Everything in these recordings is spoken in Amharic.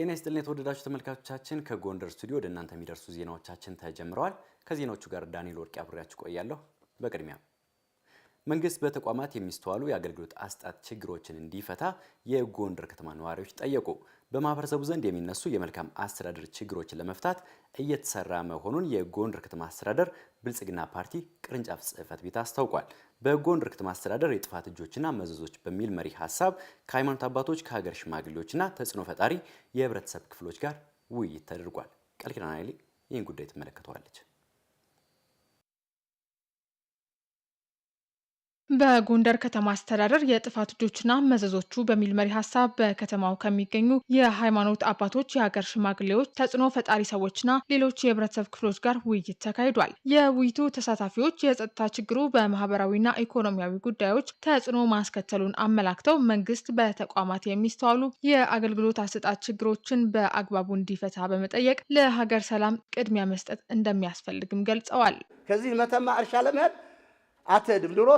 ጤና ይስጥልን የተወደዳችሁ ተመልካቾቻችን፣ ከጎንደር ስቱዲዮ ወደ እናንተ የሚደርሱ ዜናዎቻችን ተጀምረዋል። ከዜናዎቹ ጋር ዳንኤል ወርቅ አብሬያችሁ ቆያለሁ። በቅድሚያ መንግስት በተቋማት የሚስተዋሉ የአገልግሎት አስጣት ችግሮችን እንዲፈታ የጎንደር ከተማ ነዋሪዎች ጠየቁ። በማህበረሰቡ ዘንድ የሚነሱ የመልካም አስተዳደር ችግሮችን ለመፍታት እየተሰራ መሆኑን የጎንደር ከተማ አስተዳደር ብልጽግና ፓርቲ ቅርንጫፍ ጽህፈት ቤት አስታውቋል። በጎንደር ከተማ አስተዳደር የጥፋት እጆችና መዘዞች በሚል መሪ ሀሳብ ከሃይማኖት አባቶች፣ ከሀገር ሽማግሌዎችና ተጽዕኖ ፈጣሪ የህብረተሰብ ክፍሎች ጋር ውይይት ተደርጓል። ቃልኪዳን ኃይሌ ይህን ጉዳይ ትመለከተዋለች። በጎንደር ከተማ አስተዳደር የጥፋት እጆችና መዘዞቹ በሚል መሪ ሀሳብ በከተማው ከሚገኙ የሃይማኖት አባቶች፣ የሀገር ሽማግሌዎች፣ ተጽዕኖ ፈጣሪ ሰዎችና ሌሎች የህብረተሰብ ክፍሎች ጋር ውይይት ተካሂዷል። የውይይቱ ተሳታፊዎች የጸጥታ ችግሩ በማህበራዊና ኢኮኖሚያዊ ጉዳዮች ተጽዕኖ ማስከተሉን አመላክተው መንግስት በተቋማት የሚስተዋሉ የአገልግሎት አሰጣጥ ችግሮችን በአግባቡ እንዲፈታ በመጠየቅ ለሀገር ሰላም ቅድሚያ መስጠት እንደሚያስፈልግም ገልጸዋል። ከዚህ መተማ እርሻ ለመሄድ አትሄድም። ድሮ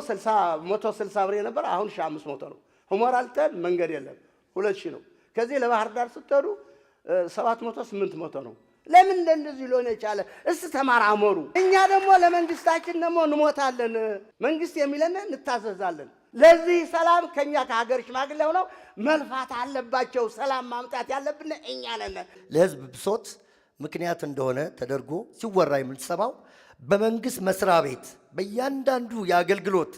መቶ ስልሳ ብር የነበረ አሁን ሺ አምስት መቶ ነው። ሁመራ ልትሄድ መንገድ የለም ሁለት ነው። ከዚህ ለባህር ዳር ስትሄዱ ሰባት መቶ ስምንት መቶ ነው። ለምን እንደዚህ ሊሆን የቻለ? እስቲ ተመራመሩ። እኛ ደግሞ ለመንግስታችን ደግሞ እንሞታለን። መንግስት የሚለን እንታዘዛለን። ለዚህ ሰላም ከኛ ከሀገር ሽማግሌ ሆነው መልፋት አለባቸው። ሰላም ማምጣት ያለብን እኛ ነን። ለህዝብ ብሶት ምክንያት እንደሆነ ተደርጎ ሲወራ የምንሰማው በመንግስት መስሪያ ቤት በእያንዳንዱ የአገልግሎት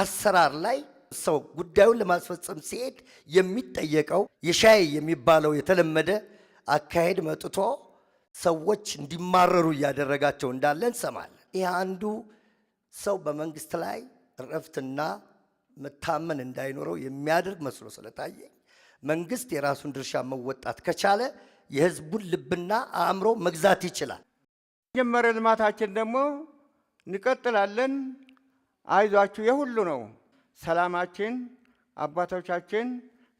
አሰራር ላይ ሰው ጉዳዩን ለማስፈጸም ሲሄድ የሚጠየቀው የሻይ የሚባለው የተለመደ አካሄድ መጥቶ ሰዎች እንዲማረሩ እያደረጋቸው እንዳለ እንሰማለን። ይህ አንዱ ሰው በመንግስት ላይ ረፍትና መታመን እንዳይኖረው የሚያደርግ መስሎ ስለታየ መንግስት የራሱን ድርሻ መወጣት ከቻለ የህዝቡን ልብና አእምሮ መግዛት ይችላል። የጀመረ ልማታችን ደግሞ እንቀጥላለን። አይዟችሁ የሁሉ ነው ሰላማችን። አባቶቻችን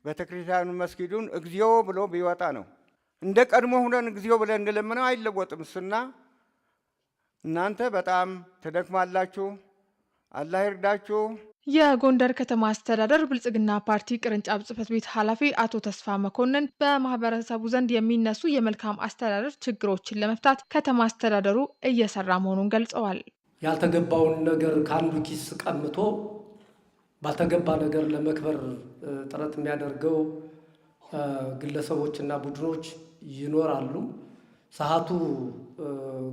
ቤተክርስቲያኑ መስጊዱን እግዚኦ ብሎ ቢወጣ ነው እንደ ቀድሞ ሁነን እግዚኦ ብለን እንለምነው አይለወጥም። እሱና እናንተ በጣም ትደክማላችሁ። አላህ ይርዳችሁ። የጎንደር ከተማ አስተዳደር ብልጽግና ፓርቲ ቅርንጫፍ ጽህፈት ቤት ኃላፊ አቶ ተስፋ መኮንን በማህበረሰቡ ዘንድ የሚነሱ የመልካም አስተዳደር ችግሮችን ለመፍታት ከተማ አስተዳደሩ እየሰራ መሆኑን ገልጸዋል። ያልተገባውን ነገር ከአንዱ ኪስ ቀምቶ ባልተገባ ነገር ለመክበር ጥረት የሚያደርገው ግለሰቦችና ቡድኖች ይኖራሉ። ሰዓቱ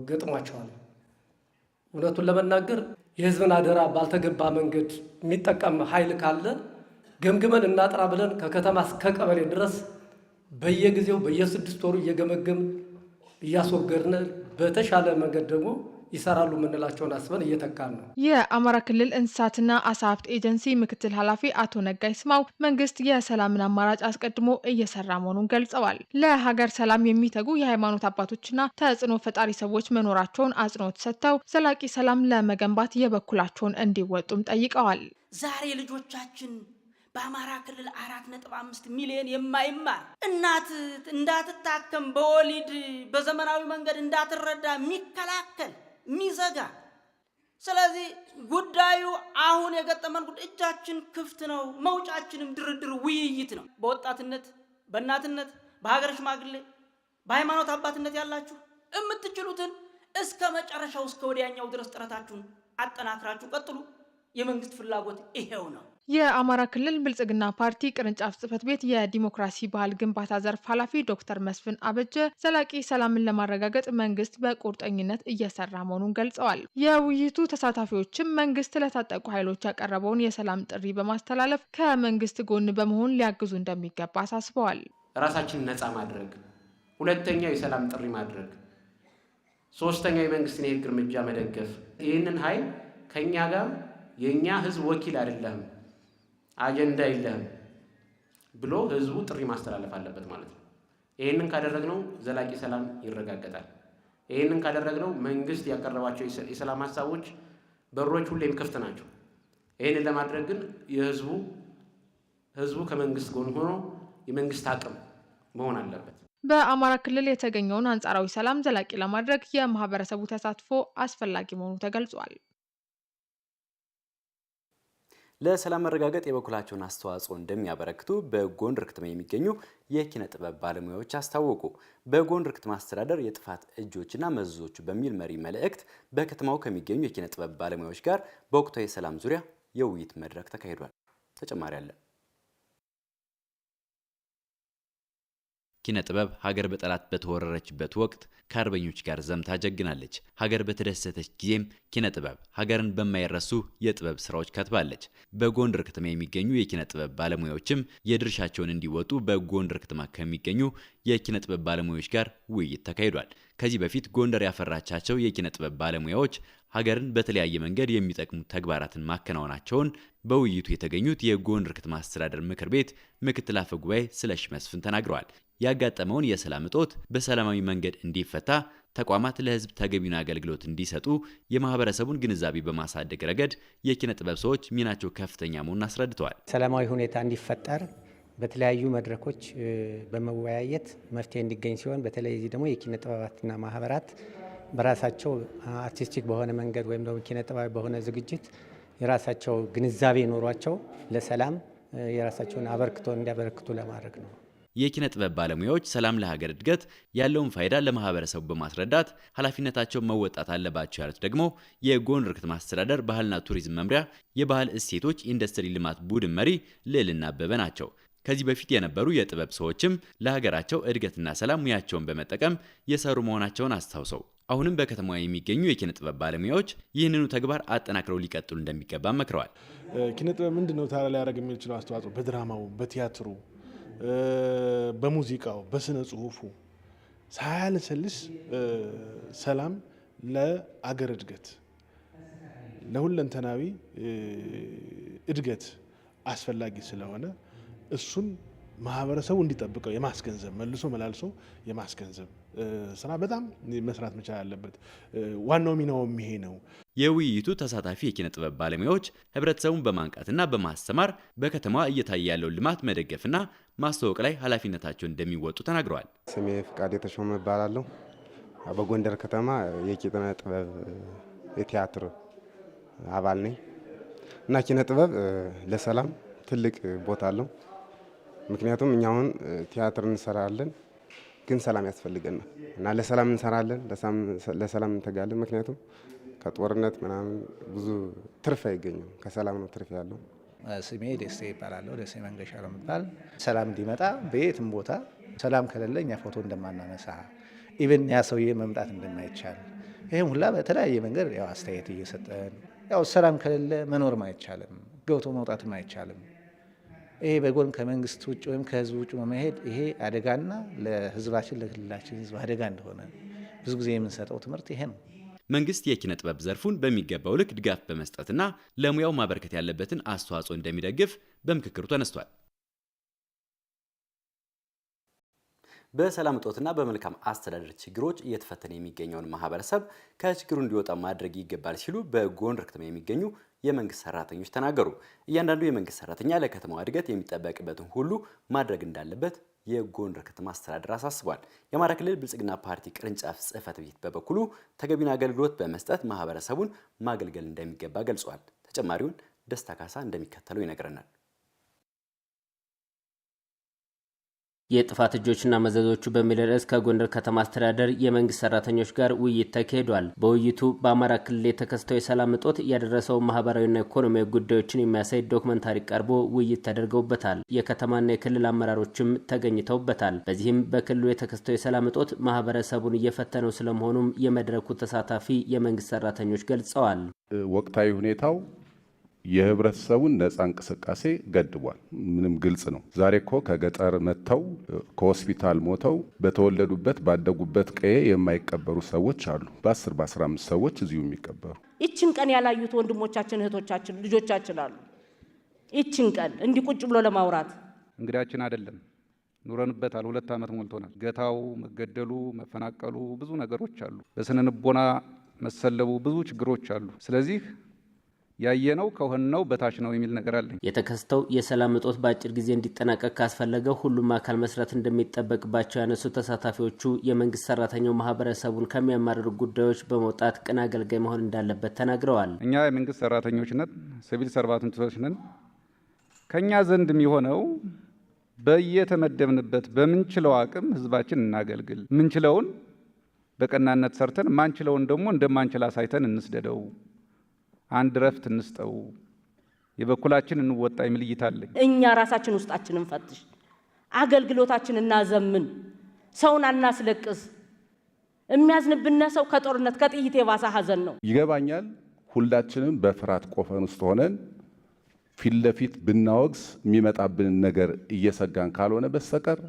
ገጥሟቸዋል። እውነቱን ለመናገር የህዝብን አደራ ባልተገባ መንገድ የሚጠቀም ኃይል ካለ ገምግመን እናጥራ ብለን ከከተማ እስከ ቀበሌ ድረስ በየጊዜው በየስድስት ወሩ እየገመገም እያስወገድን በተሻለ መንገድ ደግሞ ይሰራሉ የምንላቸውን አስበን እየተካን ነው። የአማራ ክልል እንስሳትና አሳ ሀብት ኤጀንሲ ምክትል ኃላፊ አቶ ነጋይ ስማው መንግስት የሰላምን አማራጭ አስቀድሞ እየሰራ መሆኑን ገልጸዋል። ለሀገር ሰላም የሚተጉ የሃይማኖት አባቶችና ተጽዕኖ ፈጣሪ ሰዎች መኖራቸውን አጽንኦት ሰጥተው ዘላቂ ሰላም ለመገንባት የበኩላቸውን እንዲወጡም ጠይቀዋል። ዛሬ ልጆቻችን በአማራ ክልል አራት ነጥብ አምስት ሚሊዮን የማይማር እናት እንዳትታከም በወሊድ በዘመናዊ መንገድ እንዳትረዳ የሚከላከል ሚዘጋ። ስለዚህ ጉዳዩ አሁን የገጠመን ጉዳይ እጃችን ክፍት ነው። መውጫችንም ድርድር፣ ውይይት ነው። በወጣትነት፣ በእናትነት፣ በሀገር ሽማግሌ፣ በሃይማኖት አባትነት ያላችሁ የምትችሉትን እስከ መጨረሻው እስከ ወዲያኛው ድረስ ጥረታችሁን አጠናክራችሁ ቀጥሉ። የመንግስት ፍላጎት ይሄው ነው። የአማራ ክልል ብልጽግና ፓርቲ ቅርንጫፍ ጽህፈት ቤት የዲሞክራሲ ባህል ግንባታ ዘርፍ ኃላፊ ዶክተር መስፍን አበጀ ዘላቂ ሰላምን ለማረጋገጥ መንግስት በቁርጠኝነት እየሰራ መሆኑን ገልጸዋል። የውይይቱ ተሳታፊዎችም መንግስት ለታጠቁ ኃይሎች ያቀረበውን የሰላም ጥሪ በማስተላለፍ ከመንግስት ጎን በመሆን ሊያግዙ እንደሚገባ አሳስበዋል። ራሳችን ነፃ ማድረግ፣ ሁለተኛው የሰላም ጥሪ ማድረግ፣ ሶስተኛው የመንግስትን የህግ እርምጃ መደገፍ። ይህንን ኃይል ከእኛ ጋር የእኛ ህዝብ ወኪል አይደለም አጀንዳ የለህም ብሎ ህዝቡ ጥሪ ማስተላለፍ አለበት ማለት ነው። ይህንን ካደረግነው ዘላቂ ሰላም ይረጋገጣል። ይህንን ካደረግነው መንግስት ያቀረባቸው የሰላም ሀሳቦች በሮች ሁሌም ክፍት ናቸው። ይህንን ለማድረግ ግን የህዝቡ ህዝቡ ከመንግስት ጎን ሆኖ የመንግስት አቅም መሆን አለበት። በአማራ ክልል የተገኘውን አንጻራዊ ሰላም ዘላቂ ለማድረግ የማህበረሰቡ ተሳትፎ አስፈላጊ መሆኑ ተገልጿል። ለሰላም መረጋገጥ የበኩላቸውን አስተዋጽኦ እንደሚያበረክቱ በጎንደር ከተማ የሚገኙ የኪነ ጥበብ ባለሙያዎች አስታወቁ። በጎንደር ከተማ አስተዳደር የጥፋት እጆችና መዘዞች በሚል መሪ መልእክት በከተማው ከሚገኙ የኪነ ጥበብ ባለሙያዎች ጋር በወቅታዊ የሰላም ዙሪያ የውይይት መድረክ ተካሂዷል። ተጨማሪ አለን። ኪነ ጥበብ ሀገር በጠላት በተወረረችበት ወቅት ከአርበኞች ጋር ዘምታ ጀግናለች። ሀገር በተደሰተች ጊዜም ኪነ ጥበብ ሀገርን በማይረሱ የጥበብ ስራዎች ከትባለች። በጎንደር ከተማ የሚገኙ የኪነ ጥበብ ባለሙያዎችም የድርሻቸውን እንዲወጡ በጎንደር ከተማ ከሚገኙ የኪነ ጥበብ ባለሙያዎች ጋር ውይይት ተካሂዷል። ከዚህ በፊት ጎንደር ያፈራቻቸው የኪነ ጥበብ ባለሙያዎች ሀገርን በተለያየ መንገድ የሚጠቅሙ ተግባራትን ማከናወናቸውን በውይይቱ የተገኙት የጎንደር ከተማ አስተዳደር ምክር ቤት ምክትል አፈ ጉባኤ ስለሺ መስፍን ተናግረዋል። ያጋጠመውን የሰላም እጦት በሰላማዊ መንገድ እንዲፈታ ተቋማት ለሕዝብ ተገቢውን አገልግሎት እንዲሰጡ የማህበረሰቡን ግንዛቤ በማሳደግ ረገድ የኪነ ጥበብ ሰዎች ሚናቸው ከፍተኛ መሆኑን አስረድተዋል። ሰላማዊ ሁኔታ እንዲፈጠር በተለያዩ መድረኮች በመወያየት መፍትሄ እንዲገኝ ሲሆን በተለይ እዚህ ደግሞ የኪነ ጥበባትና ማህበራት በራሳቸው አርቲስቲክ በሆነ መንገድ ወይም ደግሞ ኪነ ጥበባዊ በሆነ ዝግጅት የራሳቸው ግንዛቤ ኖሯቸው ለሰላም የራሳቸውን አበርክቶ እንዲያበረክቱ ለማድረግ ነው። የኪነ ጥበብ ባለሙያዎች ሰላም ለሀገር እድገት ያለውን ፋይዳ ለማህበረሰቡ በማስረዳት ኃላፊነታቸውን መወጣት አለባቸው ያሉት ደግሞ የጎንደር ከተማ አስተዳደር ባህልና ቱሪዝም መምሪያ የባህል እሴቶች ኢንዱስትሪ ልማት ቡድን መሪ ልዕልና አበበ ናቸው። ከዚህ በፊት የነበሩ የጥበብ ሰዎችም ለሀገራቸው እድገትና ሰላም ሙያቸውን በመጠቀም የሰሩ መሆናቸውን አስታውሰው አሁንም በከተማ የሚገኙ የኪነ ጥበብ ባለሙያዎች ይህንኑ ተግባር አጠናክረው ሊቀጥሉ እንደሚገባ መክረዋል። ኪነ ጥበብ ምንድን ነው ታዲያ ሊያደርግ የሚችለው አስተዋጽኦ በድራማው፣ በቲያትሩ፣ በሙዚቃው፣ በስነ ጽሁፉ ሳያለሰልስ ሰላም ለአገር እድገት ለሁለንተናዊ እድገት አስፈላጊ ስለሆነ እሱን ማህበረሰቡ እንዲጠብቀው የማስገንዘብ መልሶ መላልሶ የማስገንዘብ ስራ በጣም መስራት መቻል አለበት። ዋናው ሚናውም ይሄ ነው። የውይይቱ ተሳታፊ የኪነ ጥበብ ባለሙያዎች ህብረተሰቡን በማንቃትና በማስተማር በከተማዋ እየታየ ያለውን ልማት መደገፍና ማስተዋወቅ ላይ ኃላፊነታቸውን እንደሚወጡ ተናግረዋል። ስሜ ፍቃድ የተሾመ እባላለሁ። በጎንደር ከተማ የኪነ ጥበብ የቲያትር አባል ነኝ እና ኪነ ጥበብ ለሰላም ትልቅ ቦታ አለው። ምክንያቱም እኛ አሁን ቲያትር እንሰራለን፣ ግን ሰላም ያስፈልገን ነው እና ለሰላም እንሰራለን፣ ለሰላም እንተጋለን። ምክንያቱም ከጦርነት ምናምን ብዙ ትርፍ አይገኝም። ከሰላም ነው ትርፍ ያለው። ስሜ ደሴ ይባላለሁ። ደሴ መንገሻ ነው የሚባል። ሰላም እንዲመጣ በየትም ቦታ ሰላም ከሌለ እኛ ፎቶ እንደማናነሳ ኢቨን ያ ሰውዬ መምጣት እንደማይቻል ይህም ሁላ በተለያየ መንገድ ያው አስተያየት እየሰጠን ያው ሰላም ከሌለ መኖርም አይቻልም፣ ገብቶ መውጣትም አይቻልም። ይሄ በጎን ከመንግስት ውጭ ወይም ከህዝብ ውጭ በመሄድ ይሄ አደጋና ለህዝባችን ለክልላችን ህዝብ አደጋ እንደሆነ ብዙ ጊዜ የምንሰጠው ትምህርት ይሄ ነው። መንግስት የኪነ ጥበብ ዘርፉን በሚገባው ልክ ድጋፍ በመስጠትና ለሙያው ማበረከት ያለበትን አስተዋጽኦ እንደሚደግፍ በምክክሩ ተነስቷል። በሰላም እጦትና በመልካም አስተዳደር ችግሮች እየተፈተነ የሚገኘውን ማህበረሰብ ከችግሩ እንዲወጣ ማድረግ ይገባል ሲሉ በጎንደር ከተማ የሚገኙ የመንግስት ሰራተኞች ተናገሩ። እያንዳንዱ የመንግስት ሰራተኛ ለከተማዋ እድገት የሚጠበቅበትን ሁሉ ማድረግ እንዳለበት የጎንደር ከተማ አስተዳደር አሳስቧል። የአማራ ክልል ብልጽግና ፓርቲ ቅርንጫፍ ጽህፈት ቤት በበኩሉ ተገቢውን አገልግሎት በመስጠት ማህበረሰቡን ማገልገል እንደሚገባ ገልጿል። ተጨማሪውን ደስታ ካሳ እንደሚከተለው ይነግረናል። የጥፋት እጆችና መዘዞቹ በሚል ርዕስ ከጎንደር ከተማ አስተዳደር የመንግስት ሰራተኞች ጋር ውይይት ተካሂዷል። በውይይቱ በአማራ ክልል የተከሰተው የሰላም እጦት ያደረሰው ማህበራዊና ኢኮኖሚያዊ ጉዳዮችን የሚያሳይ ዶክመንታሪ ቀርቦ ውይይት ተደርገውበታል። የከተማና የክልል አመራሮችም ተገኝተውበታል። በዚህም በክልሉ የተከሰተው የሰላም እጦት ማህበረሰቡን እየፈተነው ስለመሆኑም የመድረኩ ተሳታፊ የመንግስት ሰራተኞች ገልጸዋል። ወቅታዊ ሁኔታው የህብረተሰቡን ነፃ እንቅስቃሴ ገድቧል። ምንም ግልጽ ነው። ዛሬ እኮ ከገጠር መጥተው ከሆስፒታል ሞተው በተወለዱበት ባደጉበት ቀዬ የማይቀበሩ ሰዎች አሉ። በ10 በ15 ሰዎች እዚሁ የሚቀበሩ ይችን ቀን ያላዩት ወንድሞቻችን፣ እህቶቻችን፣ ልጆቻችን አሉ። ይችን ቀን እንዲህ ቁጭ ብሎ ለማውራት እንግዳችን አይደለም። ኑረንበታል። ሁለት ዓመት ሞልቶናል። ገታው፣ መገደሉ፣ መፈናቀሉ ብዙ ነገሮች አሉ። በስነ ልቦና መሰለቡ ብዙ ችግሮች አሉ። ስለዚህ ያየነው ከሆነው በታች ነው የሚል ነገር አለኝ። የተከሰተው የሰላም እጦት በአጭር ጊዜ እንዲጠናቀቅ ካስፈለገ ሁሉም አካል መስራት እንደሚጠበቅባቸው ያነሱ ተሳታፊዎቹ የመንግስት ሰራተኛው ማህበረሰቡን ከሚያማርሩ ጉዳዮች በመውጣት ቅን አገልጋይ መሆን እንዳለበት ተናግረዋል። እኛ የመንግስት ሰራተኞች ነን፣ ሲቪል ሰርቫንቶች ነን። ከእኛ ዘንድ የሚሆነው በየተመደብንበት በምንችለው አቅም ህዝባችን እናገልግል። ምንችለውን በቀናነት ሰርተን ማንችለውን ደግሞ እንደማንችል አሳይተን እንስደደው አንድ ረፍት እንስጠው፣ የበኩላችን እንወጣ የሚል እይታ አለኝ። እኛ ራሳችን ውስጣችን እንፈትሽ፣ አገልግሎታችን እናዘምን፣ ሰውን አናስለቅስ። የሚያዝንብነ ሰው ከጦርነት ከጥይት የባሰ ሀዘን ነው። ይገባኛል። ሁላችንም በፍርሃት ቆፈን ውስጥ ሆነን ፊት ለፊት ብናወግስ የሚመጣብንን ነገር እየሰጋን ካልሆነ በስተቀር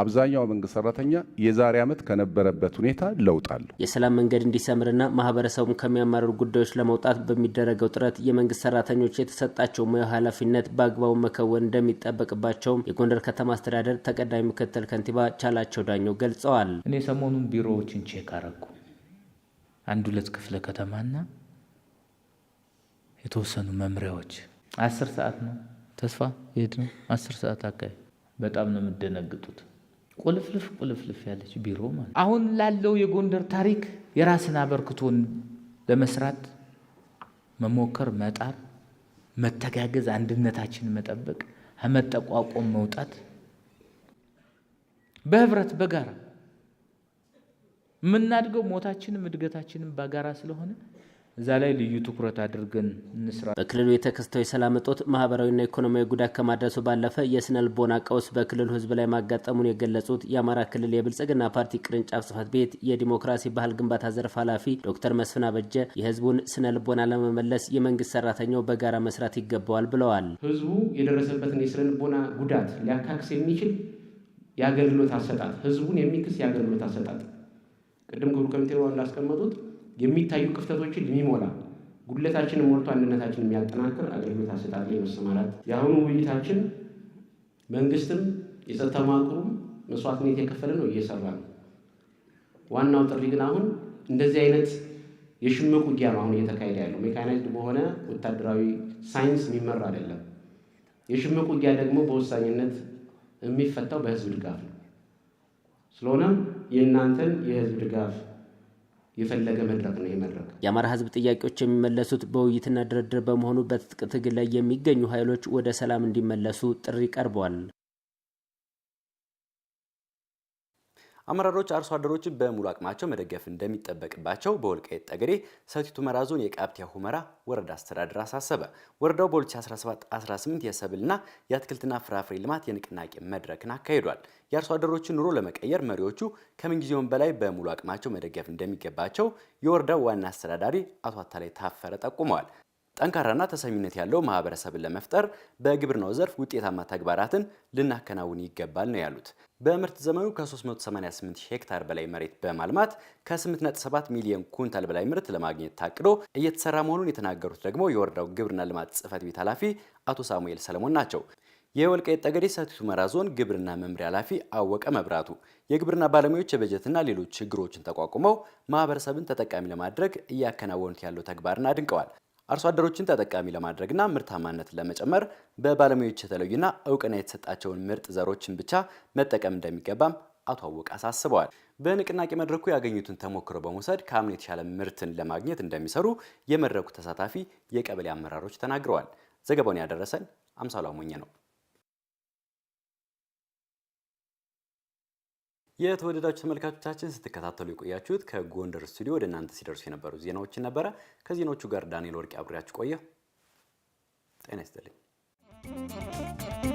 አብዛኛው መንግስት ሰራተኛ የዛሬ ዓመት ከነበረበት ሁኔታ ለውጥ አለው። የሰላም መንገድ እንዲሰምርና ማህበረሰቡን ከሚያማርሩ ጉዳዮች ለመውጣት በሚደረገው ጥረት የመንግስት ሰራተኞች የተሰጣቸው ሙያ ኃላፊነት በአግባቡ መከወን እንደሚጠበቅባቸውም የጎንደር ከተማ አስተዳደር ተቀዳሚ ምክትል ከንቲባ ቻላቸው ዳኘው ገልጸዋል። እኔ ሰሞኑን ቢሮዎችን ቼክ አረኩ። አንድ ሁለት ክፍለ ከተማና የተወሰኑ መምሪያዎች አስር ሰዓት ነው ተስፋ ይሄድ ነው አስር ሰዓት አካባቢ በጣም ነው የምደነግጡት። ቁልፍልፍ ቁልፍልፍ ያለች ቢሮ ማለት አሁን ላለው የጎንደር ታሪክ የራስን አበርክቶን ለመስራት መሞከር፣ መጣር፣ መተጋገዝ፣ አንድነታችን መጠበቅ፣ ከመጠቋቆም መውጣት በህብረት በጋራ የምናድገው ሞታችንም እድገታችንም በጋራ ስለሆነ እዛ ላይ ልዩ ትኩረት አድርገን እንስራ። በክልሉ የተከስተው የሰላም እጦት ማህበራዊና ኢኮኖሚያዊ ጉዳት ከማድረሱ ባለፈ የስነ ልቦና ቀውስ በክልሉ ህዝብ ላይ ማጋጠሙን የገለጹት የአማራ ክልል የብልጽግና ፓርቲ ቅርንጫፍ ጽህፈት ቤት የዲሞክራሲ ባህል ግንባታ ዘርፍ ኃላፊ ዶክተር መስፍን አበጀ የህዝቡን ስነ ልቦና ለመመለስ የመንግስት ሰራተኛው በጋራ መስራት ይገባዋል ብለዋል። ህዝቡ የደረሰበትን የስነ ልቦና ጉዳት ሊያካክስ የሚችል የአገልግሎት አሰጣጥ፣ ህዝቡን የሚክስ የአገልግሎት አሰጣጥ ቅድም ግብር ኮሚቴ እንዳስቀመጡት የሚታዩ ክፍተቶችን የሚሞላ ጉድለታችንን ሞልቶ አንድነታችንን የሚያጠናክር አገልግሎት አሰጣጥ ላይ መሰማራት። የአሁኑ ውይይታችን መንግስትም የጸጥታ መዋቅሩም መስዋዕትነት የከፈለ ነው፣ እየሰራ ነው። ዋናው ጥሪ ግን አሁን እንደዚህ አይነት የሽምቅ ውጊያ ነው አሁን እየተካሄደ ያለው። ሜካናይዝድ በሆነ ወታደራዊ ሳይንስ የሚመራ አይደለም። የሽምቅ ውጊያ ደግሞ በወሳኝነት የሚፈታው በህዝብ ድጋፍ ነው። ስለሆነም የእናንተን የህዝብ ድጋፍ የፈለገ መድረክ ነው የመድረክ የአማራ ህዝብ ጥያቄዎች የሚመለሱት በውይይትና ድርድር በመሆኑ በትጥቅ ትግል ላይ የሚገኙ ኃይሎች ወደ ሰላም እንዲመለሱ ጥሪ ቀርቧል። አመራሮች አርሶ አደሮችን በሙሉ አቅማቸው መደገፍ እንደሚጠበቅባቸው በወልቃይት ጠገዴ ሰቲት ሁመራ ዞን የቃብቲያ ሁመራ ወረዳ አስተዳደር አሳሰበ። ወረዳው በ2017/18 የሰብልና የአትክልትና ፍራፍሬ ልማት የንቅናቄ መድረክን አካሂዷል። የአርሶ አደሮችን ኑሮ ለመቀየር መሪዎቹ ከምንጊዜውም በላይ በሙሉ አቅማቸው መደገፍ እንደሚገባቸው የወረዳው ዋና አስተዳዳሪ አቶ አታላይ ታፈረ ጠቁመዋል። ጠንካራና ተሰሚነት ያለው ማህበረሰብን ለመፍጠር በግብርናው ዘርፍ ውጤታማ ተግባራትን ልናከናውን ይገባል ነው ያሉት። በምርት ዘመኑ ከ388 ሄክታር በላይ መሬት በማልማት ከ8.7 ሚሊዮን ኩንታል በላይ ምርት ለማግኘት ታቅዶ እየተሰራ መሆኑን የተናገሩት ደግሞ የወረዳው ግብርና ልማት ጽፈት ቤት ኃላፊ አቶ ሳሙኤል ሰለሞን ናቸው። የወልቃይት ጠገዴ ሰቲት ሁመራ ዞን ግብርና መምሪያ ኃላፊ አወቀ መብራቱ የግብርና ባለሙያዎች የበጀትና ሌሎች ችግሮችን ተቋቁመው ማህበረሰብን ተጠቃሚ ለማድረግ እያከናወኑት ያለው ተግባርን አድንቀዋል። አርሶ አደሮችን ተጠቃሚ ለማድረግና ምርታማነት ለመጨመር በባለሙያዎች የተለዩና እውቅና የተሰጣቸውን ምርጥ ዘሮችን ብቻ መጠቀም እንደሚገባም አቶ አወቅ አሳስበዋል። በንቅናቄ መድረኩ ያገኙትን ተሞክሮ በመውሰድ ከአምን የተሻለ ምርትን ለማግኘት እንደሚሰሩ የመድረኩ ተሳታፊ የቀበሌ አመራሮች ተናግረዋል። ዘገባውን ያደረሰን አምሳሉ አሞኘ ነው። የተወደዳችሁ ተመልካቾቻችን ስትከታተሉ የቆያችሁት ከጎንደር ስቱዲዮ ወደ እናንተ ሲደርሱ የነበሩ ዜናዎችን ነበረ። ከዜናዎቹ ጋር ዳንኤል ወርቅ አብሬያችሁ ቆየሁ። ጤና ይስጥልኝ።